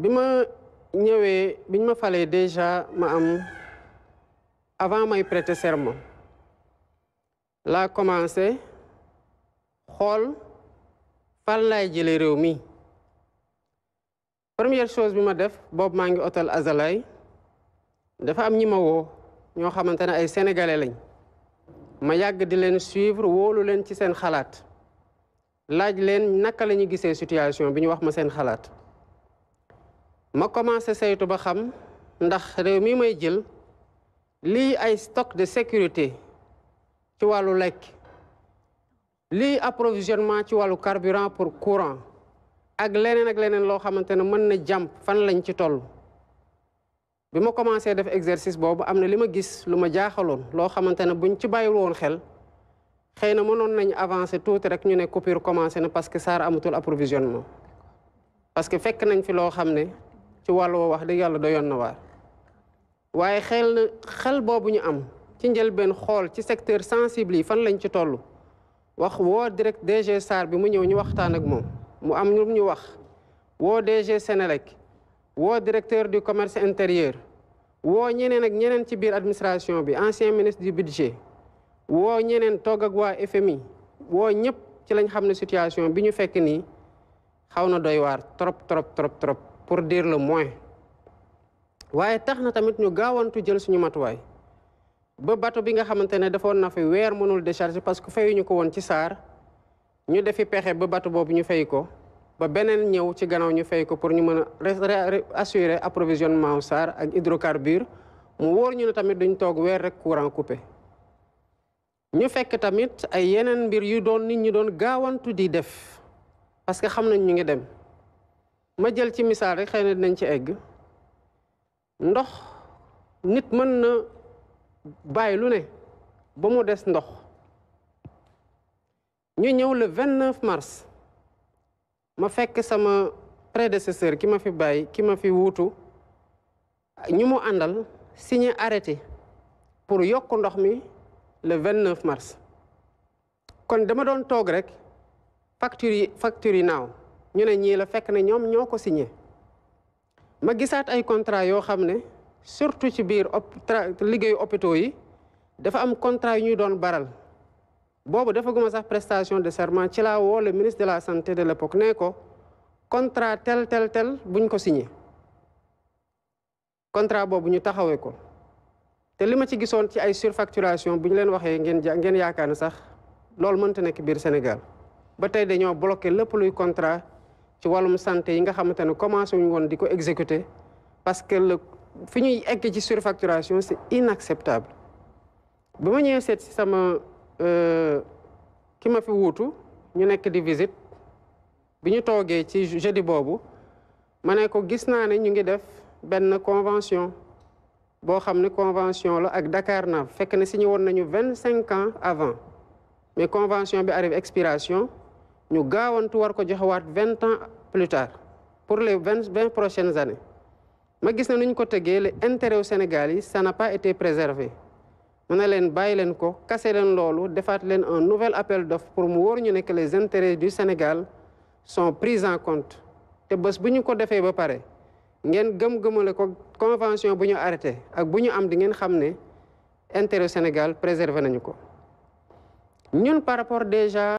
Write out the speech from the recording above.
bi ma ñëwee biñ ma falee déjà ma am avant may prêter serment laa commencé xool fan laay jëlee réew mi première chose bi ma def boobu maa ngi hôtel Azalay dafa am ñi ma woo ñoo xamante ne ay sénégalais lañ ma yàgg di leen suivre woolu leen ci seen xalaat laaj leen naka la ñu gisee situation bi ñu wax ma seen xalaat ma commencé saytu ba xam ndax réew mi may jël lii ay stock de sécurité ci wàllu lekk lii approvisionnement ci wàllu carburant pour courant ak leneen ak leneen loo xamante ne mën na jàmp fan lañ ci toll bi ma commencé def exercice boobu am na li ma gis lu ma jaaxaloon loo xamante ne buñ ci bàyyiwul woon xel xëy na mënoon nañ avancer tuuti rek ñu ne coupure commencé na parce que SAR amatul approvisionnement parce que fekk nañ fi loo xam ne ci wàll woo wax dëgg yàlla doyoon na waar waaye xel xel boobu ñu am ci njëlbeen xool ci secteur sensible yi fan lañ ci toll wax woo direct DG SAR bi mu ñëw ñu waxtaan ak moom mu am lu ñu wax woo DG Sénélec woo directeur du commerce intérieur woo ñeneen ak ñeneen ci biir administration bi ancien ministre du budget woo ñeneen togg ak waa FMI woo ñëpp ci lañ xam ne situation bi ñu fekk nii xaw na doy waar trop trop trop trop pour dire le moins waaye tax na tamit ñu gaawantu jël suñu matuwaay ba bato bi nga xamante ne dafa defoon na fi weer mënul décharger parce que fayuñu ko woon ci saar ñu defi pexe ba bato boobu ñu fay ko ba beneen ñëw ci gannaaw ñu fay ko pour ñu mën a assurer approvisionnement wu saar ak hydrocarbure mu wóor ñu ne tamit duñ toog weer rek courant coupé ñu fekk tamit ay yeneen mbir yu doon nit ñu doon gaawantu di def parce que xam nañ ñu ngi dem ma jël ci misaal rek xëy na dinañ ci egg ndox nit mën na bàyyi lu ne ba mu des ndox ñu ñëw le vingt neuf mars ma fekk sama prédécesseur ki ma fi bàyyi ki ma fi wuutu ñu mu àndal signe arrêté pour yokk ndox mi le vingt neuf mars kon dama doon toog rek facture yi facture yi naaw ñu ne ñii la fekk ne ñoom ñoo ko signé ma gisaat ay contrat yoo xam ne surtout ci biir liggéeyu hôpitaux yi dafa am contrat yu ñuy doon baral boobu dafa guma sax prestation de serment ci laa woo le ministre de la santé de l'époque nee ko contrat tel tel tel buñ ko signé contrat boobu ñu taxawee ko te li ma ci gisoon ci ay surfacturation bu ñu leen waxee ngeen ja yaakaar ne sax loolu mënta nekk biir Sénégal ba tey dañoo bloqué lépp luy contrat ci wàllum santé yi nga xamante ne commencé wuñu woon di ko exécuter parce que le fi ñuy egg ci surfacturation c'est inacceptable ba ma ñëwee seet si sama euh, ki ma fi wuutu ñu nekk di visite bi ñu toogee ci jeudi boobu ma ne ko gis naa ne ñu ngi def benn convention boo xam ne convention la ak na fekk ne signé woon nañu vingt cinq ans avant mais convention bi arrive expiration ñu gaawantu war ko joxewaat vingt ans plus tard pour les vingt vingt prochaines années ma gis na nu ñu ko tegee le intérêt wu Sénégal yi ça n'a pas été préservé mu ne leen bàyyi leen ko kase leen loolu defaat leen un nouvel appel d'offres pour mu wóor ñu ne que les intérêts du Sénégal sont pris en compte te bës bu ñu ko defee ba pare ngeen gëm-gëmale ko convention bu ñu arrêté ak bu ñu am di ngeen xam ne intérêt Sénégal préservé nañu ko ñun par rapport déjà